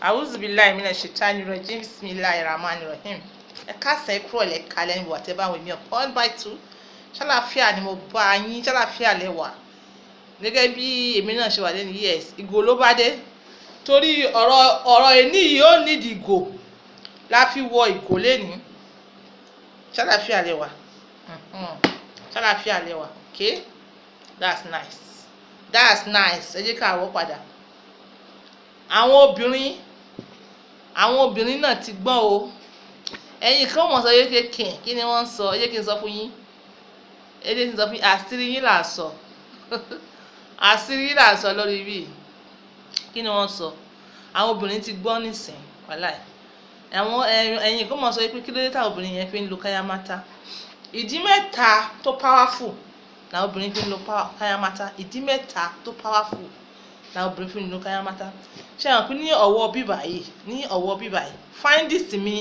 awuzubilayi mina ṣetani rọjí bisimilayi rahman rahim ẹ káàsán ẹ kúrò lẹ́ka lẹ́yìn wà tẹ́ bá wọn èmi all by two ṣàlàfíà ni mo bá yín ṣàlàfíà lẹ́wà gẹ́gẹ́ bí èmi náà ṣe wà lẹ́nu yes ìgò ló bá dé torí ọ̀rọ̀ ọ̀rọ̀ ẹni yìí ó nídìí ìgò la fi wọ ìgò lẹ́ni ṣàlàfíà lẹ́wà mm-hmm. ṣàlàfíà lẹ́wà okay that's nice that's nice ẹ jẹ́ ká wọ́ padà àwọn obìnrin àwọn obìnrin náà ti gbọ́n o ẹ̀yin kan mọ̀ sọ yéé kẹ̀ kí ni wọ́n ń sọ yéé kí n sọ fún yín èdè ti sọ fún yín àṣírí yín là sọ àṣírí yín là sọ lórí ibi kí ni wọ́n sọ àwọn obìnrin ti gbọ́n nísìn wàláì àwọn ẹ̀yin kan mọ̀ sọ yéé pé kí ló dé táwọn obìnrin yẹn fi ń lo káyámátá ìdí mẹ́ta tó powerful làwọn obìnrin fi ń lo káyámátá ìdí mẹ́ta tó powerful la obìnrin fi nínú káyámátá ṣe hàn pé ní ọ̀wọ́ bíbà yìí ní ọ̀wọ́ bíbà yìí findings mi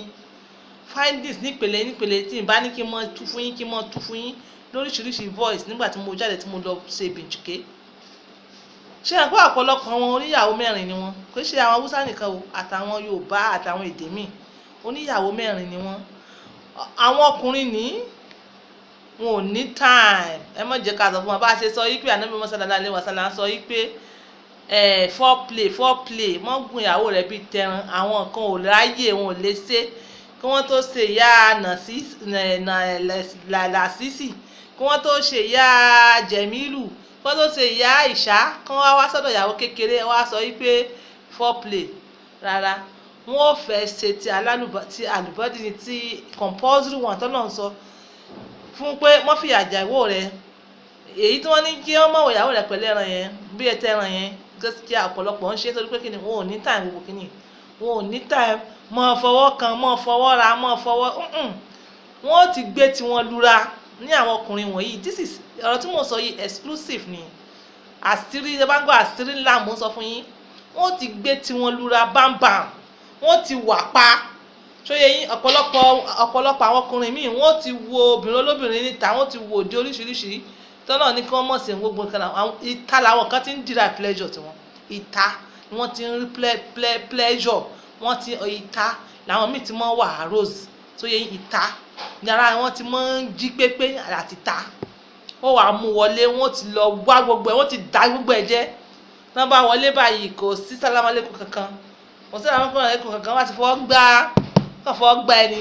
findings nípele nípele tí n bá ní kí n mọ tú fún yín kí n mọ tú fún yín lóríṣiríṣi voice nígbà tí mo jáde tí mo lọ ṣe bìjìké ṣe hàn pé ọ̀pọ̀lọpọ̀ wọn oníyàwó mẹ́rin ni wọn kò ṣe àwọn haúsá nìkan o àtàwọn yorùbá àtàwọn èdè míì oníyàwó mẹ́rin ni wọn àwọn ọkùnrin ní wọn ò ní time ẹ má jẹ́ ká sọ fún wọn bá a ṣe sọ yí pé ànábì mọ́sálà náà lè wà sálà ń sọ yí pé eh, foreplay foreplay mọ́ gun ìyàwó rẹ̀ bíi tẹran àwọn nǹkan ò ráyè wọn ò lè ṣe kí wọ́n tó ṣe ìyá làṣìṣì kí wọ́n tó ṣe ìyá jẹ̀mílù kí wọ́n tó ṣe ìyá ìṣá kí wọ́n wá sọ́dọ̀ ìyàwó kékeré wá sọ wípé foreplay rárá wọn ò fẹ́ ṣe ti àlùbọ́dì ni ti compulsory one tọ́nà ń sọ fún pé wọ́n fìyà jà ìwọ rẹ̀ èyí tí wọ́n ní kí wọ́n mọ̀wọ̀ ìyàwó rẹ̀ pẹ̀lú ẹran yẹn bí ẹ tẹ́ran yẹn gaskiya ọ̀pọ̀lọpọ̀ ń ṣe torí pé kí ni wọn ò ní time gbogbo kí ni wọn ò ní time mọ́ fọwọ́ kan mọ́ fọwọ́ ra mọ́ fọwọ́ wọn ò ti gbé tiwọn lura ní àwọn ọkùnrin wọ̀nyí this is ọ̀rọ̀ tí mo sọ yìí exclusive ni àṣírí ẹ bá ń gbọ́ àṣírí ńlá mo sọ fún yín wọn ò ti gbé tiwọn lura bámbàm wọn ò ti wà pa ṣóyè yín ọ̀pọ̀lọpọ̀ ọ̀pọ̀lọpọ̀ àwọn ọkùnrin míì wọn ò ti wo obìnrin olóbìnrin níta wọn ò ti wo òde oríṣiríṣi tọ́lọ̀ ní kí wọ́n mọ̀ sí gbogbo ìta làwọn kan ti ń dira pleasure tiwọn ìta ni wọ́n ti ń rí pleasure wọ́n ti ìta làwọn míì ti mọ́ wà rose tó yẹ ìta yàrá wọn ti mọ́ ń jí pépé àti ìta wọ́n wàá mú wọlé wọ́n ti lọ wá gbogbo ẹ̀ wọ́n ti dá gbogbo ẹ̀ jẹ́ tán bá wọlé báyìí kò sí sálámálẹ́kùn kankan kò sí sálámálẹ́kùn kankan wọ́n ti fọwọ́ gbá kàn fọwọ́ gbá ẹni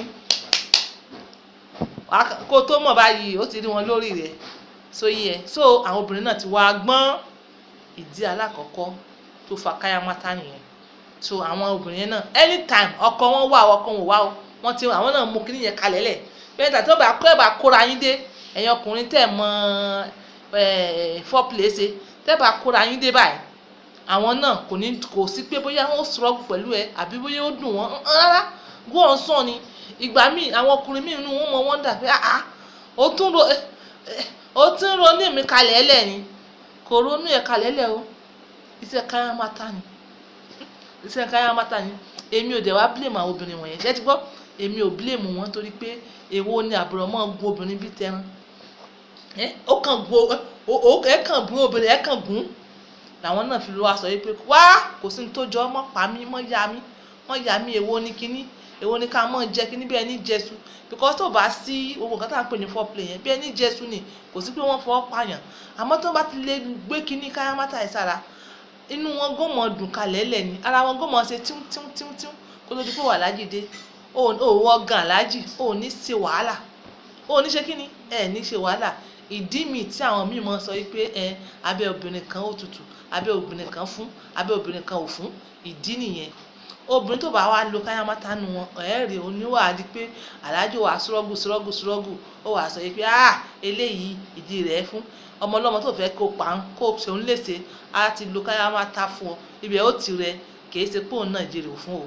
kó tó mọ̀ báyìí ó ti rí wọn lórí rẹ̀ sóyí ẹ so àwọn obìnrin náà ti wá gbọ́n ìdí alákọ̀ọ́kọ́ tó fa káyámátá nìyẹn so àwọn obìnrin yẹn náà anytime ọkọ wọn wà ọkọ wọn wà ó wọn ti àwọn náà mú kíní yẹn kalẹ̀ lẹ̀ bẹ́ẹ̀ tàbí ọba kọ́ ẹ̀bà kóra yín dé ẹ̀yin ọkùnrin tẹ̀ mọ́ foreplay ṣe tẹ́bà kóra yín dé báyìí àwọn náà kò ní kò sí pé bóyá wọn struggle pẹ̀lú ẹ àbí bóyá ó dùn wọn rárá go on sàn ni ìgbà míì àwọn ọkùnrin míì nínú wọn mọ wọn dà pé àá ah, ah, ó tún ro ó ti ń ronú mi kalẹ̀ ẹlẹ̀ ni kò ronú ẹ̀ kalẹ̀ ẹlẹ̀ o iṣẹ́ káyà mátà ni iṣẹ́ káyà mátà ni èmi ò dẹ̀ wá blame àwọn obìnrin wọ̀nyẹn ṣé ti gbọ́ èmi ò blame wọn torí pé èwo ni àbúrò mọ́ gun obìnrin bíi tẹran ẹ ó kàn gun ó ẹ kàn gun obìnrin ẹ kàn gun làwọn náà fi lọ́wọ́ aṣọ yìí pé wá kò sí ní tó jọ mọ́ pa mọ́ ya mí mọ́ ya mí èwo ni kinní èwo ni ká mọ̀ jẹ́ kí ní bí ẹni jésù because tó bá sí gbogbo nǹkan tá à ń pè ní foreplay yẹn bí ẹni jésù ni kò sí pé wọ́n fọwọ́ pààyàn àmọ́ tó bá ti lè gbé kinní káyámátà ẹ̀ sára inú wọn gómọ dùn kalẹ̀ lẹ̀ ni ara wọn gómọ ṣe tíún tíún tíún tíún kó tó di pé wàlájì dé òwò ọgàn aláàjì ò ní ṣe wàhálà ò ní ṣe kíni ẹ ní ṣe wàhálà ìdí mi tí àwọn míì mọ sọ wípé ẹ abẹ́ obìnrin kan ó tutù abẹ́ obìnrin kan fún abẹ́ obìnrin kan ò fún ìdí nìyẹn obìnrin tó bá wá lo káyámátá nu wọn ẹ̀ẹ́rì oníwà di pé aláàjò wà sọ́rọ́gù sọ́rọ́gù sọ́rọ́gù ó wà sọ yìí pé ah eléyìí ìdí rẹ̀ fún ọmọ ọlọ́mọ tó fẹ́ kó pa ń kó ṣeun léṣe á ti lo káyámátá fún ọ ibẹ̀ ó ti rẹ kì í ṣe pé òun náà jèrè fún o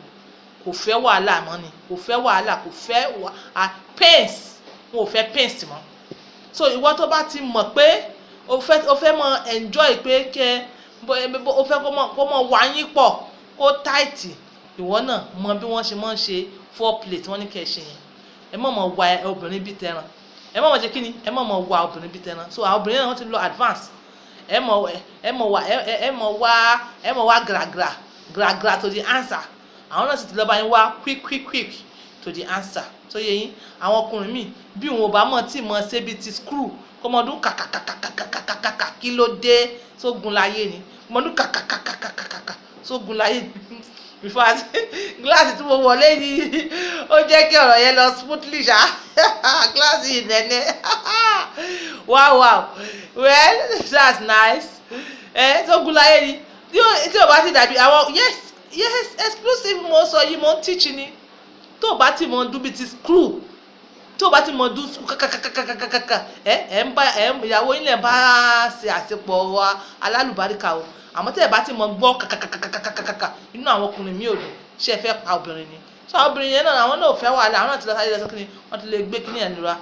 kò fẹ́ wàhálà mọ́ ni kò fẹ́ wàhálà kò fẹ́ wàhálà pains wọn ò fẹ́ pains mọ́ so ìwọ tó bá ti mọ̀ pé o fẹ́ o fẹ́ mọ enjoy pé kẹ o fẹ́ kó mọ wáyín pọ̀ kó tight ìwọ náà mọ bí wọ́n ṣe máa ń ṣe foreplay tí wọ́n ní kẹ́ ẹ ṣe yẹn ẹ mọ̀ mọ̀ wá obìnrin bíi tẹran ẹ mọ̀ mọ̀ ṣe kíni ẹ mọ̀ mọ̀ wá obìnrin bíi tẹran so àwọn obìnrin náà wọ́n ti lọ advance ẹ mọ̀ ẹ mọ̀ wá ẹ mọ̀ wá ẹ mọ̀ wá gragra gragra to the answer àwọn náà sì ti lọ bá yín wá quick quick quick to the answer tó yẹ yín àwọn ọkùnrin míì bí wọn ò bá mọ̀ tí mọ̀ ṣe bíi ti screw kọmọdún kàkàkàkàkàkàkà kí ló dé sógun láyé ni kọmọdún kàkàkàkàkàkà sógun láyé ni before gíláàsì tí mo wọlé ni ó jẹ́ kí ọ̀rọ̀ yẹn lọ smoothly ṣá gíláàsì ìnẹ́nẹ́ wow wow well that's nice ẹ tó gun láyé ni tí o bá ti dàbí àwọn yes yes exclusive mo sọ yìí mo ń teach ni tó o bá ti mọ dúbi screw tí o bá ti mọ dúsù kàkàkàkàkàkà ẹ ẹ ń bá ẹ ìyàwó yín lè bá ṣe àṣepọ̀ wa alálùbáríkà o àmọ́ tẹ́ ẹ bá ti mọ gbọ́ kàkàkàkàkàkà inú àwọn ọkùnrin mi ò dùn ṣé ẹ fẹ́ pa obìnrin ni so àwọn obìnrin yẹn náà àwọn náà ò fẹ́ wàhálà àwọn náà ti lọ sáré lọ́sọ́ kínní wọ́n ti lè gbé kínní ẹ̀ nira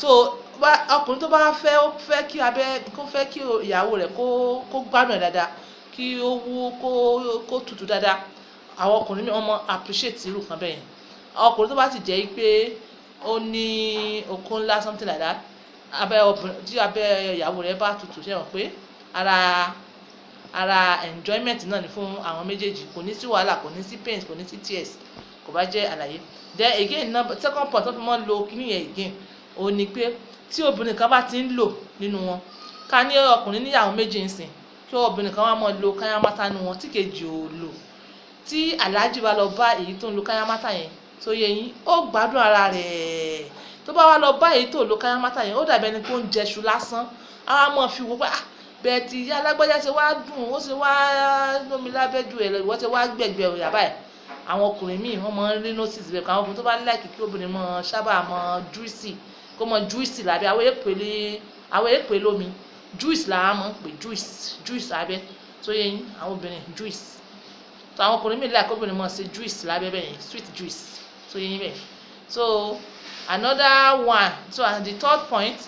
so ọkùnrin tó bá fẹ́ ó fẹ́ kí abẹ́ kó fẹ́ kí ìyàwó rẹ̀ kó gbádùn ẹ̀ dáadáa kí ó wú kó tutù dáadáa àwọn ọkùnrin mi wọ́n mọ appreciate irú kan bẹ́ẹ̀ yẹn ọkùnrin tó bá ti jẹ́ pé ó ní okun ńlá something like that abẹ́ obìnrin tí abẹ́ ìyàwó rẹ̀ bá tutù ṣe hàn pé ara ara enjoyment náà ni fún àwọn méjèèjì kò ní sí wàhálà kò ní sí pains kò ní sí tears kò bá jẹ́ àlàyé then again number second point wọ́n fi mọ́ lo kíní yẹn again ó ní pé tí obìnrin kan bá ti ń lò nínú wọn ká ní ọkùnrin níyàwó méjì ń sìn kí obìnrin kan wá mọ́ lo káyámátá nínú wọn tí kejì ò lò tí aláàjì bá lọ bá èyí tó ń lo káyámátá yẹn so yẹ yín ó gbádùn ara rẹ̀ tó bá wá lọ bá èyí tó lo káyámátà yẹn ó dàbí ẹni pé ó ń jẹṣu lásán àwọn amọ̀ fi wò pé ah bẹ́ẹ̀ ti ìyá alágbájá ṣe wá dùn ó ṣe wá lómi lábẹ́jú ẹ̀ lọ́wọ́ ṣe wá gbẹ̀gbẹ̀ ọ̀yà báyìí àwọn ọkùnrin míì wọ́n máa ń rí notice bẹ́ẹ̀ káwọn tó bá láìkì kí obìnrin mọ sábà mọ juicy kó mọ juicy lábẹ́ àwọn èèpèlé àwọn èèpèlé omi juice làwọn máa ń pè juice juice abẹ́ tó yẹ yín àwọn obìnrin juice tó àwọn ọkùnrin míì láìkí obìnrin mọ ṣe juice lábẹ́ bẹ́ẹ̀ yẹn sweet juice so anyway, so another one so at the third point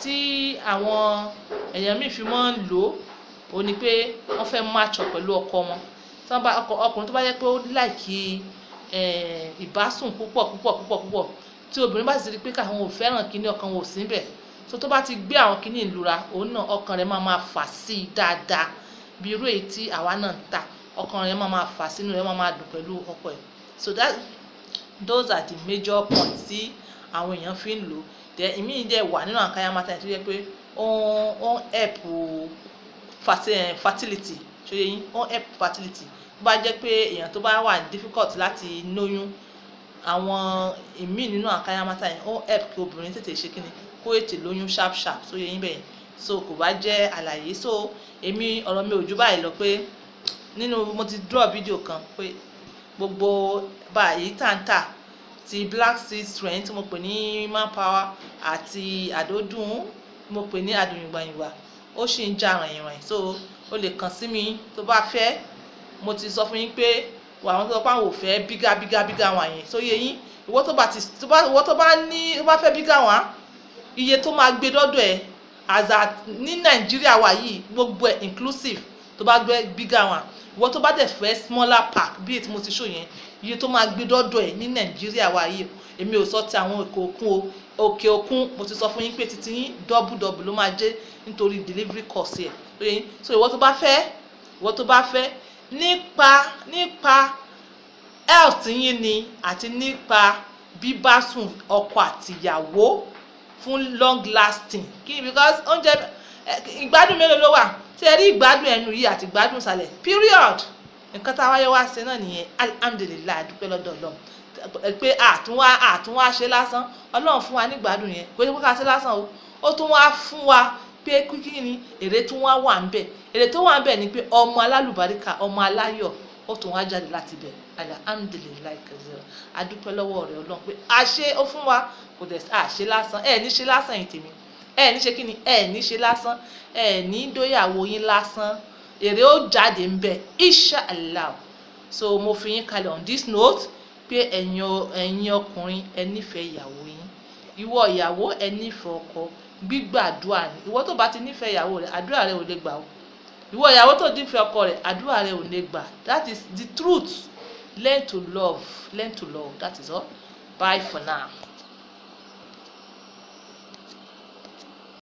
tí àwọn èèyàn míì fi máa ń lò ó ni pé wọ́n fẹ́ match up pẹ̀lú ọkọ wọn ọkùnrin tó bá jẹ́ pé ó láìkí ìbásùn púpọ̀ púpọ̀ púpọ̀ púpọ̀ tí obìnrin bá sì rí pé káwọn ò fẹ́ràn kíní ọkàn wọn ò sí bẹ̀ so tó bá ti gbé àwọn kíní ìlura òun náà ọkàn rẹ̀ máa máa fà sí i dáadáa bí irú èyí tí àwa náà ń ta ọkàn rẹ̀ máa máa fà sínú rẹ̀ máa máa dùn pẹ̀lú ọkọ ẹ̀ so that those are the major points tí àwọn èèyàn fi ń lò then ìmíì dẹ̀ wà nínú àwọn kaya matter tó yẹ pé ó ń help eh, fertility ṣó yẹ yín ó ń help fertility tó bá jẹ́ pé èèyàn tó bá wà difficult láti lóyún àwọn ìmíì nínú àwọn kaya matter yẹn ó ń help kí obìnrin tètè ṣe kíni kó ètè lóyún sharp sharp ṣó yẹ yín bẹ́ẹ̀ so kò bá jẹ́ àlàyé so èmi ọ̀rọ̀ mi ò jù báyìí lọ pé nínú mo ti draw video kan pé gbogbo bá yìí tàǹtà ti black seed strength mo pè ní manpower àti àdódùn mo pè ní àdùnyìngbàyìngbà ó sì ń jà ràyìnràyìn so o lè kàn sí mi tó bá fẹ́ mo ti sọ fún yín pé wà àwọn tó bá wò fẹ́ bígá bígá bígá wọn yẹn so yẹ yín ìwọ tó bá ti ìwọ tó bá ní tó bá fẹ́ bígá wọn iye tó máa gbé dọ́dọ̀ ẹ̀ àzà ní nàìjíríà wà yìí gbogbo ẹ̀ inclusive tó bá gbé bigger one ìwọ tó bá dẹ̀ fẹ́ smaller pack bí èyí tí mo ti ṣò yẹn iye tó máa gbé dọ́dọ̀ ẹ̀ ní nàìjíríà wa yìí èmi ò sọ ti àwọn òkè òkun o òkè òkun mo ti sọ fún yín pé títí yín double double ló máa jẹ́ nítorí delivery cost ẹ̀ tó so ìwọ tó bá fẹ́ ìwọ tó bá fẹ́ nípa nípa health yín ni àti nípa bíbá sùn ọkọ àtìyàwó fún long lasting kí because oúnjẹ ìgbádùn mélòó ló wà ṣe rí ìgbádùn ẹnu yìí àti ìgbádùn ìsàlẹ̀ period nǹkan tá a wáyé wá ṣe náà nìyẹn alhamdulilayi dúpẹ́ lọ́dọ̀ ọlọ́run pé àtúnwá àtúnwá ṣe lásán ọlọ́run fún wa ní ìgbádùn yẹn kò ṣe pé ká ṣe lásán o ó tún wá fún wa pé kíkí ni èrè tún wá wà ń bẹ̀ èrè tó wà ń bẹ̀ ni pé ọmọ alálùbáríkà ọmọ aláyọ̀ ó tún wá jáde láti bẹ̀ alhamdulilayi kẹsìrì adúpẹ́ lọ́wọ́ rẹ̀ ọlọ́run pé àṣe ó fún wa kò dẹ̀ àṣe lásán ẹ̀ ní ṣe lásán yìí tèmi ẹ ní ṣe kíni ẹ ní ṣe lásán ẹ ní dóyàwó yín lásán èrè ó jáde ń bẹ inshallah so mo fi yín kalẹ̀ on this note pé ẹ̀yin ọkùnrin ẹ nífẹ̀ẹ́ ìyàwó yín ìwọ ìyàwó ẹ nífẹ̀ẹ́ ọkọ gbígbàdúrà ni ìwọ tó bá ti nífẹ̀ẹ́ ìyàwó rẹ àdúrà rẹ ò lè gbà o ìwọ ìyàwó tó nífẹ̀ẹ́ ọkọ rẹ àdúrà rẹ ò lè gbà that is the truth learn to love learn to love that is all bye for now.